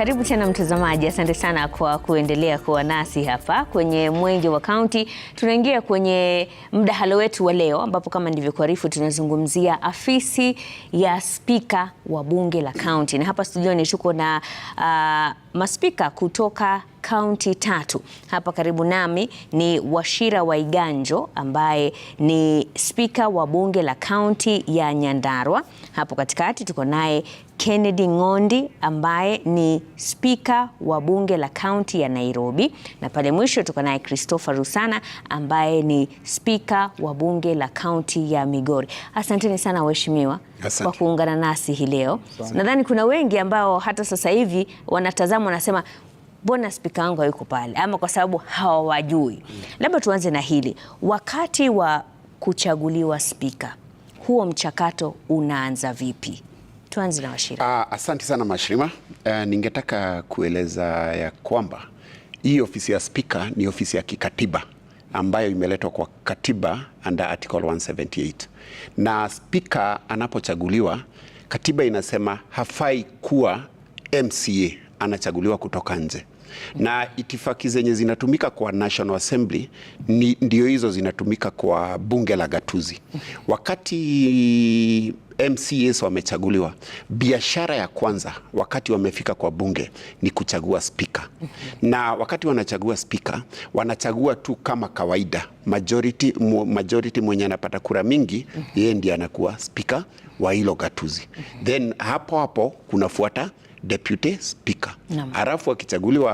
Karibu tena mtazamaji, asante sana kwa kuendelea kuwa nasi hapa kwenye Mwenge wa Kaunti. Tunaingia kwenye mdahalo wetu wa leo, ambapo kama nilivyokuarifu, tunazungumzia afisi ya spika wa bunge la kaunti, na hapa studioni tuko na uh, maspika kutoka kaunti tatu. Hapa karibu nami ni Washira Waiganjo ambaye ni spika wa bunge la kaunti ya Nyandarua. Hapo katikati tuko naye Kennedy Ngondi ambaye ni spika wa bunge la kaunti ya Nairobi, na pale mwisho tuko naye Christopher Rusana ambaye ni spika wa bunge la kaunti ya Migori. Asanteni sana waheshimiwa kwa kuungana nasi hii leo. Nadhani kuna wengi ambao hata sasa hivi wanatazama wanasema mbona spika wangu hayuko pale, ama kwa sababu hawawajui. Mm. Labda tuanze na hili, wakati wa kuchaguliwa spika, huo mchakato unaanza vipi? Tuanze na Washira. Uh, asante sana mashirima Uh, ningetaka kueleza ya kwamba hii ofisi ya spika ni ofisi ya kikatiba ambayo imeletwa kwa katiba under article 178 na spika anapochaguliwa, katiba inasema hafai kuwa MCA, anachaguliwa kutoka nje na itifaki zenye zinatumika kwa National Assembly ni ndio hizo zinatumika kwa bunge la gatuzi wakati MCAs wamechaguliwa, biashara ya kwanza wakati wamefika kwa bunge ni kuchagua spika. Na wakati wanachagua spika, wanachagua tu kama kawaida, majority, majority mwenye anapata kura mingi yeye ndiye anakuwa spika wa hilo gatuzi. Then hapo hapo kunafuata deputy speaker Arafu akichaguliwa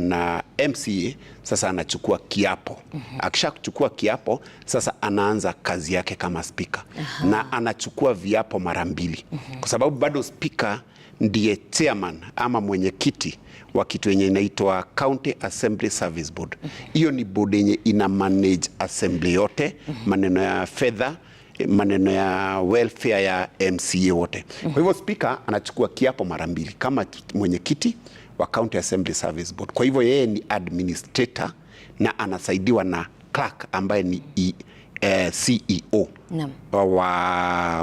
na MCA sasa anachukua kiapo. mm -hmm. kuchukua kiapo sasa anaanza kazi yake kama spika na anachukua viapo mara mbili. mm -hmm. Kwa sababu bado spika ndiye chairman ama mwenyekiti wa kitu yenye inaitwa County Assembly Service Board. Mhm. Hiyo mm -hmm. ni bodi yenye ina manage assembly yote, mm -hmm. maneno ya fedha maneno ya welfare ya MCA wote. Kwa hivyo spika anachukua kiapo mara mbili kama mwenyekiti wa County Assembly Service Board. Kwa hivyo yeye ni administrator na anasaidiwa na clerk ambaye ni e, Eh, CEO no. wa,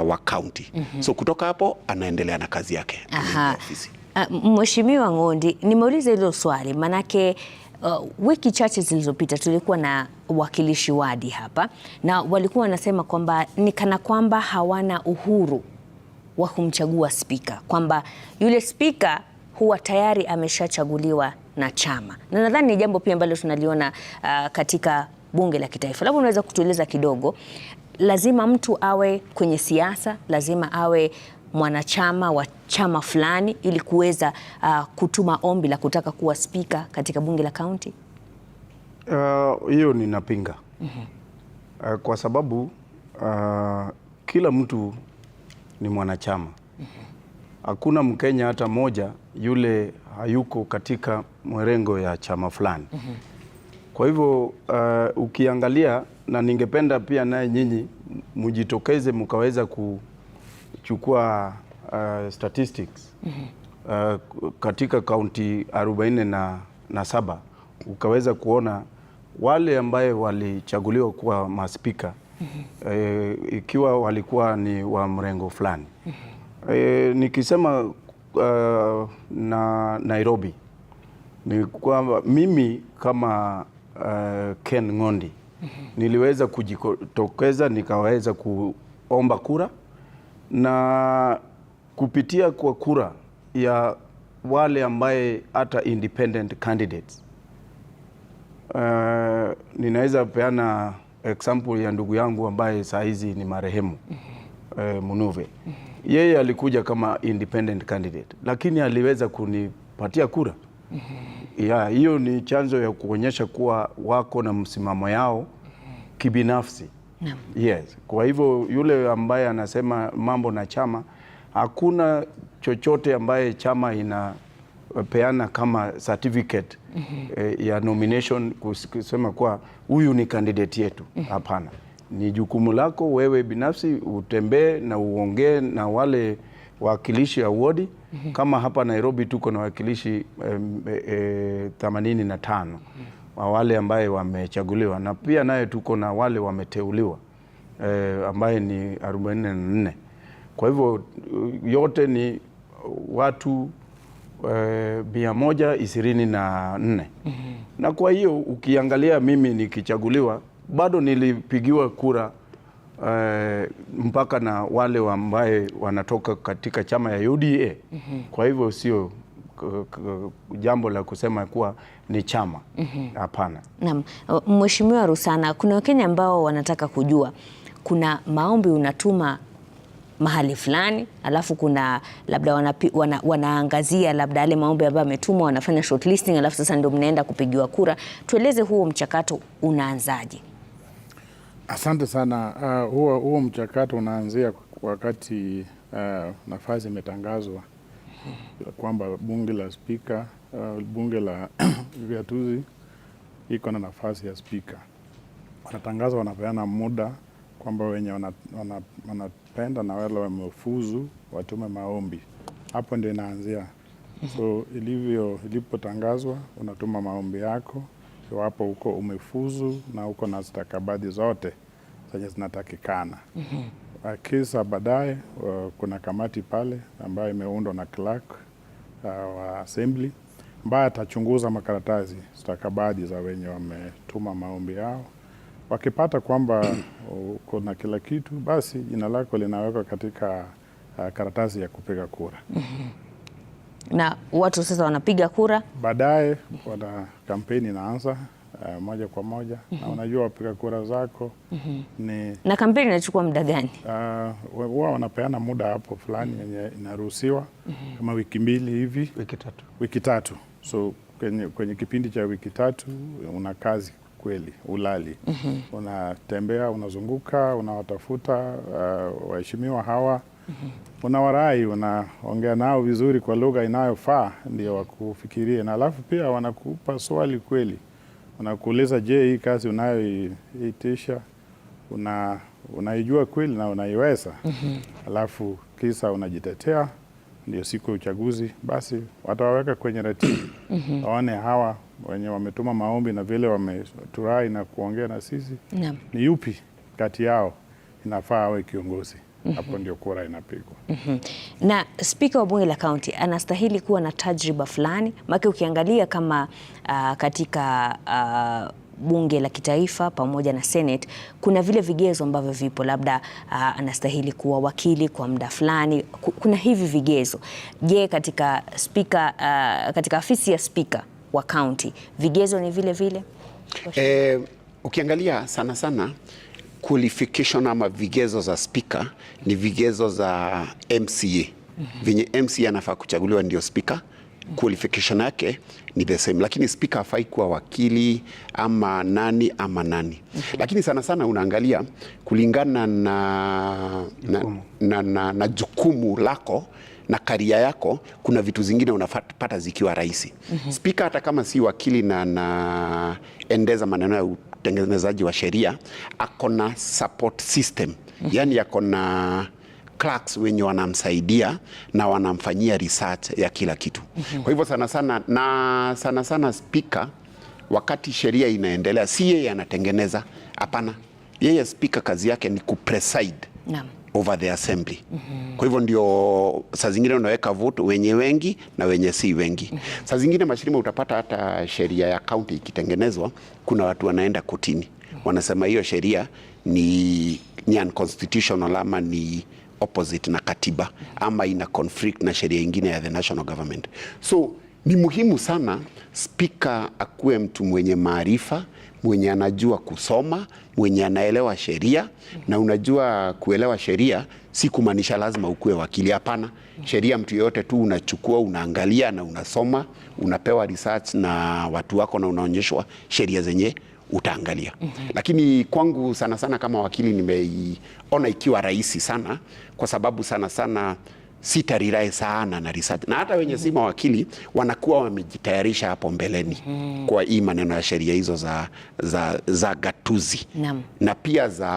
wa county. Mm -hmm. So kutoka hapo anaendelea na kazi yake. Ah, Mheshimiwa Ng'ondi, nimeuliza hilo swali manake uh, wiki chache zilizopita tulikuwa na wakilishi wadi hapa na walikuwa wanasema kwamba ni kana kwamba hawana uhuru wa kumchagua spika, kwamba yule spika huwa tayari ameshachaguliwa na chama, na nadhani ni jambo pia ambalo tunaliona uh, katika bunge la kitaifa. Labda unaweza kutueleza kidogo, lazima mtu awe kwenye siasa, lazima awe mwanachama wa chama fulani ili kuweza uh, kutuma ombi la kutaka kuwa spika katika bunge la kaunti? Uh, hiyo uh, ninapinga mm -hmm. uh, kwa sababu uh, kila mtu ni mwanachama mm -hmm. Hakuna Mkenya hata moja yule hayuko katika mwerengo ya chama fulani mm -hmm. Kwa hivyo uh, ukiangalia na ningependa pia naye nyinyi mjitokeze mkaweza ku chukua uh, statistics uh, katika kaunti 47 na, na saba ukaweza kuona wale ambaye walichaguliwa kuwa maspika e, eh, ikiwa walikuwa ni wa mrengo fulani e, nikisema uh, na Nairobi ni kwamba mimi kama uh, Ken Ng'ondi niliweza kujitokeza nikaweza kuomba kura na kupitia kwa kura ya wale ambaye hata independent candidates uh, ninaweza peana example ya ndugu yangu ambaye saa hizi ni marehemu uh, Munuve. Yeye alikuja kama independent candidate, lakini aliweza kunipatia kura ya hiyo. Ni chanzo ya kuonyesha kuwa wako na msimamo yao kibinafsi Yes. Kwa hivyo yule ambaye anasema mambo na chama, hakuna chochote ambaye chama inapeana kama certificate mm -hmm. eh, ya nomination kusema kuwa huyu ni kandidati yetu. Mhm. Hapana, mm -hmm. ni jukumu lako wewe binafsi utembee na uongee na wale wakilishi wa wodi mm -hmm. kama hapa Nairobi tuko na wakilishi themanini eh, eh, na tano mm -hmm wa wale ambaye wamechaguliwa na pia naye tuko na wale wameteuliwa e, ambaye ni 44. Kwa hivyo uh, yote ni watu eh, mia moja ishirini na nne mm -hmm. Na kwa hiyo ukiangalia mimi nikichaguliwa bado nilipigiwa kura e, mpaka na wale ambaye wanatoka katika chama ya UDA mm -hmm. Kwa hivyo sio jambo la kusema kuwa ni chama mhm. hapana. mm -hmm. Naam, Mheshimiwa Rusana, kuna Wakenya ambao wanataka kujua kuna maombi unatuma mahali fulani alafu kuna labda wanapi, wana, wanaangazia labda yale maombi ambayo ametumwa, wanafanya shortlisting, alafu sasa ndio mnaenda kupigiwa kura. Tueleze huo mchakato unaanzaje? Asante sana. Uh, huo, huo mchakato unaanzia wakati uh, nafasi imetangazwa kwamba bunge la spika uh, bunge la Viatuzi iko na nafasi ya spika. Wanatangaza, wanapeana muda kwamba wenye wanapenda wana, wana na wale wamefuzu watume maombi. Hapo ndio inaanzia. So ilivyo ilipotangazwa, unatuma maombi yako iwapo huko umefuzu na uko na stakabadhi zote zenye zinatakikana. Mhm. Uh, kisa baadaye, uh, kuna kamati pale ambayo imeundwa na clerk uh, wa assembly ambaye atachunguza makaratasi stakabadhi za wenye wametuma maombi yao. Wakipata kwamba kuna kila kitu, basi jina lako linawekwa katika uh, karatasi ya kupiga kura na watu sasa wanapiga kura. Baadaye wana kampeni inaanza, uh, moja kwa moja mm -hmm. na mhm. unajua wapiga kura zako mm -hmm. ni na kampeni inachukua muda gani? Uh, eh, wao wanapeana muda hapo fulani mhm. yenye mm -hmm. inaruhusiwa mm -hmm. kama wiki mbili hivi, wiki tatu, wiki tatu. So kwenye, kwenye kipindi cha wiki tatu una kazi kweli, ulali mm -hmm. unatembea, unazunguka, unawatafuta uh, waheshimiwa hawa mm -hmm. unawarai, unaongea nao vizuri kwa lugha inayofaa ndio wakufikirie, na alafu pia wanakupa swali kweli unakuuliza je, hii kazi unayoitisha una, unaijua kweli na unaiweza? mm -hmm. Alafu kisa unajitetea, ndio siku ya uchaguzi, basi watawaweka kwenye ratibu mm-hmm. waone mm -hmm. hawa wenye wametuma maombi na vile wameturai na kuongea na sisi yeah. ni yupi kati yao inafaa awe kiongozi hapo ndio kura inapigwa mm -hmm. na spika wa bunge la kaunti anastahili kuwa na tajriba fulani, maana ukiangalia kama uh, katika uh, bunge la kitaifa pamoja na Senate kuna vile vigezo ambavyo vipo, labda uh, anastahili kuwa wakili kwa muda fulani, kuna hivi vigezo. Je, katika spika uh, katika afisi ya spika wa kaunti vigezo ni vile vile? Eh, ukiangalia sana sana qualification ama vigezo za spika ni vigezo za MCA venye MCA anafaa kuchaguliwa ndio spika. Qualification yake ni the same, lakini spika hafai kuwa wakili ama nani ama nani. Lakini sana sana unaangalia kulingana na, na, na, na, na jukumu lako na karia yako, kuna vitu zingine unapata zikiwa rahisi. Mhm. Spika hata kama si wakili na naendeza maneno ya utengenezaji wa sheria ako na support system, yani ako na clerks wenye wanamsaidia na wanamfanyia research ya kila kitu. Kwa hivyo sana sana, na sana sana spika, wakati sheria inaendelea, si yeye anatengeneza, hapana. Yeye spika kazi yake ni kupreside. Naam over the assembly. Mm -hmm. Kwa hivyo ndio saa zingine unaweka vote wenye wengi na wenye si wengi. Mm -hmm. Saa zingine mashirima utapata hata sheria ya county ikitengenezwa, kuna watu wanaenda kotini. Mm -hmm. Wanasema hiyo sheria ni, ni unconstitutional ama ni opposite na katiba ama ina conflict na sheria ingine ya the national government. So ni muhimu sana spika akuwe mtu mwenye maarifa, mwenye anajua kusoma, mwenye anaelewa sheria. Na unajua kuelewa sheria si kumaanisha lazima ukuwe wakili, hapana. Sheria mtu yeyote tu unachukua, unaangalia na unasoma, unapewa research na watu wako, na unaonyeshwa sheria zenye utaangalia. mm -hmm. Lakini kwangu sana sana kama wakili nimeiona ikiwa rahisi sana kwa sababu sana sana sitarirai sana na research na hata wenye si mawakili wanakuwa wamejitayarisha hapo mbeleni mm. -hmm. kwa hii maneno ya sheria hizo za, za, za gatuzi Nam. na pia za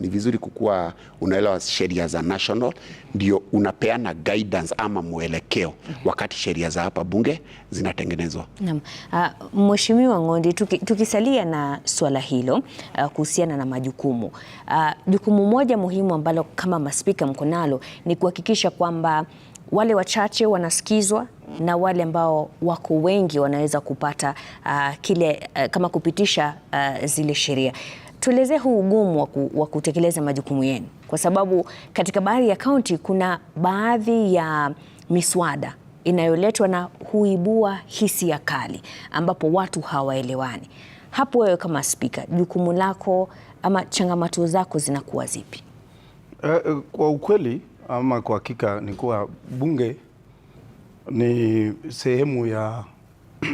ni vizuri kukuwa unaelewa sheria za national ndio unapeana guidance ama mwelekeo mm -hmm. wakati sheria za hapa bunge zinatengenezwa. Naam. Uh, Mheshimiwa Ng'ondi, tuki, tukisalia na swala hilo uh, kuhusiana na majukumu uh, jukumu moja muhimu ambalo kama maspika mko nalo ni kwa kuhakikisha kwamba wale wachache wanasikizwa na wale ambao wako wengi wanaweza kupata uh, kile uh, kama kupitisha uh, zile sheria. tueleze huu ugumu wa waku, kutekeleza majukumu yenu, kwa sababu katika baadhi ya kaunti kuna baadhi ya miswada inayoletwa na huibua hisia kali, ambapo watu hawaelewani. Hapo wewe kama spika, jukumu lako ama changamoto zako zinakuwa zipi? Uh, uh, kwa ukweli ama kwa hakika ni kuwa bunge ni sehemu ya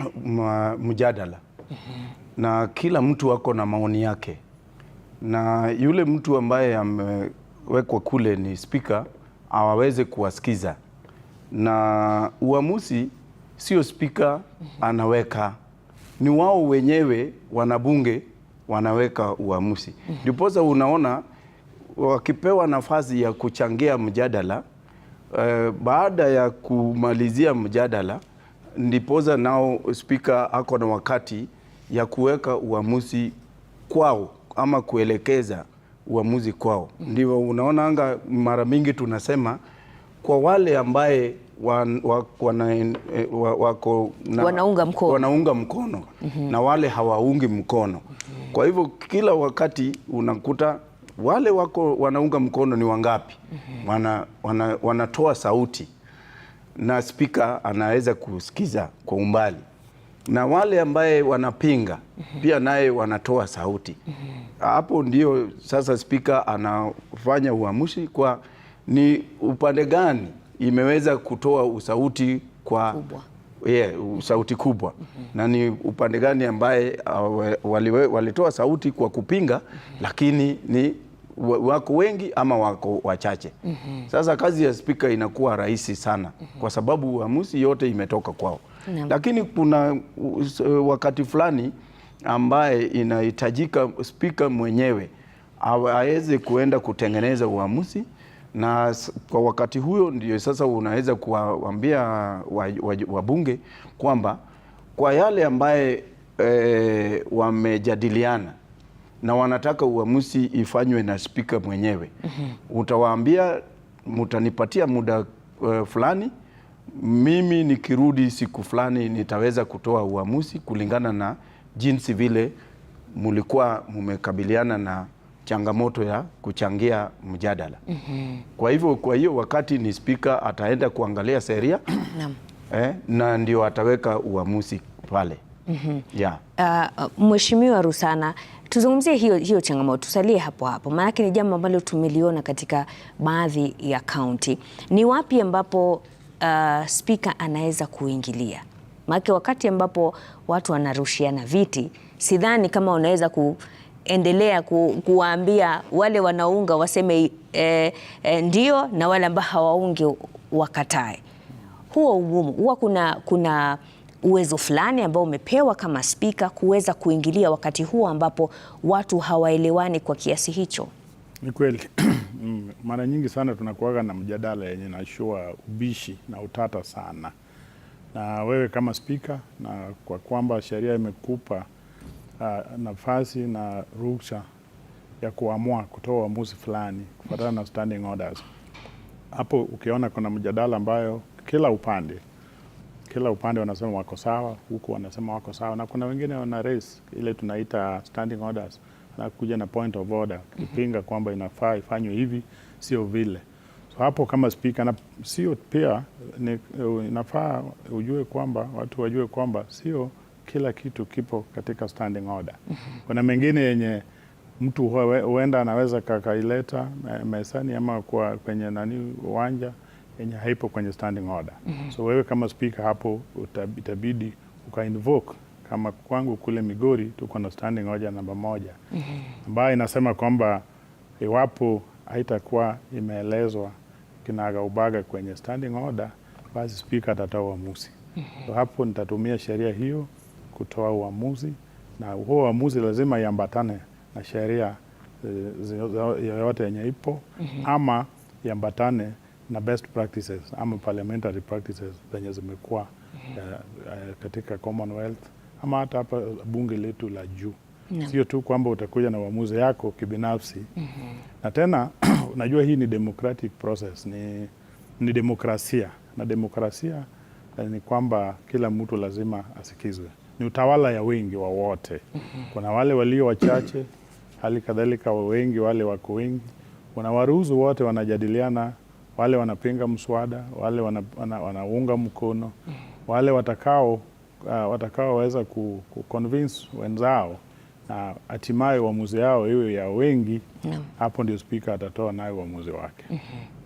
mjadala mm -hmm. na kila mtu ako na maoni yake, na yule mtu ambaye amewekwa kule ni spika awaweze kuwasikiza, na uamuzi sio spika mm-hmm. anaweka, ni wao wenyewe wanabunge wanaweka uamuzi, mm-hmm. ndiposa unaona wakipewa nafasi ya kuchangia mjadala eh, baada ya kumalizia mjadala ndipoza nao spika ako na wakati ya kuweka uamuzi kwao ama kuelekeza uamuzi kwao. Ndivyo unaonanga mara mingi tunasema kwa wale ambaye wan, wan, eh, wako na, wanaunga mkono, wanaunga mkono mm -hmm. na wale hawaungi mkono mm -hmm. Kwa hivyo kila wakati unakuta wale wako wanaunga mkono ni wangapi? mm -hmm. wana, wana, wanatoa sauti na spika anaweza kusikiza kwa umbali, na wale ambaye wanapinga mm -hmm. pia naye wanatoa sauti mhm. hapo. mm -hmm. Ndio sasa spika anafanya uamushi kwa ni upande gani imeweza kutoa usauti kwa kubwa. Yeah, sauti kubwa mm -hmm. na ni upande gani ambaye uh, walitoa sauti kwa kupinga mm -hmm. lakini ni wako wengi ama wako wachache. mm -hmm. Sasa kazi ya spika inakuwa rahisi sana mm -hmm. kwa sababu uamuzi yote imetoka kwao. mm -hmm. Lakini kuna uh, wakati fulani ambaye inahitajika spika mwenyewe aweze kuenda kutengeneza uamuzi na kwa wakati huyo ndio sasa unaweza kuwaambia wabunge kwamba kwa yale ambaye e, wamejadiliana na wanataka uamuzi ifanywe na spika mwenyewe. mm -hmm. Utawaambia mutanipatia muda uh, fulani mimi nikirudi siku fulani nitaweza kutoa uamuzi kulingana na jinsi vile mulikuwa mumekabiliana na changamoto ya kuchangia mjadala. mm -hmm. Kwa hivyo kwa hiyo wakati ni spika ataenda kuangalia sheria eh, na ndio ataweka uamuzi pale. mm -hmm. yeah. Uh, Mheshimiwa Rusana Tuzungumzie hiyo, hiyo changamoto, tusalie hapo hapo, maanake ni jambo ambalo tumeliona katika baadhi ya kaunti. Ni wapi ambapo uh, spika anaweza kuingilia? Maanake wakati ambapo watu wanarushiana viti, sidhani kama unaweza ku endelea ku, kuwaambia wale wanaunga waseme e, e, ndio na wale ambao hawaungi wakatae. Huo ugumu huwa kuna, kuna uwezo fulani ambao umepewa kama spika kuweza kuingilia wakati huo ambapo watu hawaelewani kwa kiasi hicho? Ni kweli mm, mara nyingi sana tunakuaga na mjadala yenye nashua ubishi na utata sana, na wewe kama spika, na kwa kwamba sheria imekupa uh, nafasi na ruhusa ya kuamua kutoa uamuzi fulani kufuatana na standing orders. Hapo ukiona kuna mjadala ambayo kila upande kila upande wanasema wako sawa, huku wanasema wako sawa, na kuna wengine wana raise ile tunaita standing orders, kuja na point of order -hmm. kwamba inafaa ifanywe hivi, sio vile. So hapo kama speaker na sio pia ni, inafaa ujue kwamba watu wajue kwamba sio kila kitu kipo katika standing order. Mhm. Kuna mengine yenye mtu huenda anaweza kakaileta mesani ama kwa kwenye nani uwanja yenye haipo kwenye standing order mm -hmm. So wewe kama speaker hapo itabidi uka invoke kama kwangu kule Migori tuko na standing order namba moja mhm. ambayo mm -hmm. inasema kwamba iwapo haitakuwa imeelezwa kinaga ubaga kwenye standing order, basi speaker atatoa uamuzi mm -hmm. So hapo nitatumia sheria hiyo kutoa uamuzi, na huo uamuzi lazima iambatane na sheria eh, yoyote yenye ipo mm -hmm. ama iambatane na best practices ama parliamentary practices zenye zimekuwa uh, uh, katika Commonwealth ama hata hapa bunge letu la juu no. Sio tu kwamba utakuja na uamuzi yako kibinafsi mm -hmm. Na tena unajua hii ni democratic process, ni, ni demokrasia na demokrasia eh, ni kwamba kila mtu lazima asikizwe, ni utawala ya wengi wa wote mm -hmm. Kuna wale walio wachache hali kadhalika wengi wale wako wengi, waruhusu wote wanajadiliana wale wanapinga mswada, wale wana, wana, wanaunga mkono, wale watakao uh, watakaoweza ku, ku convince wenzao na hatimaye uamuzi yao iwe ya wengi, hapo ndio spika atatoa naye uamuzi wake. Mm-hmm.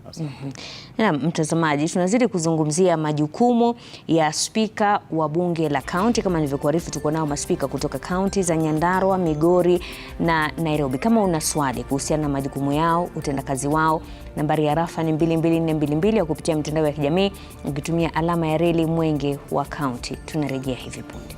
Na mtazamaji, tunazidi kuzungumzia majukumu ya spika wa bunge la kaunti. Kama nilivyokuarifu, tuko nao maspika kutoka kaunti za Nyandarua, Migori na Nairobi. Kama una swali kuhusiana na majukumu yao, utendakazi wao, nambari ya rafa ni 22422 au kupitia mitandao ya kijamii ukitumia alama ya reli Mwenge wa Kaunti. Tunarejea hivi punde.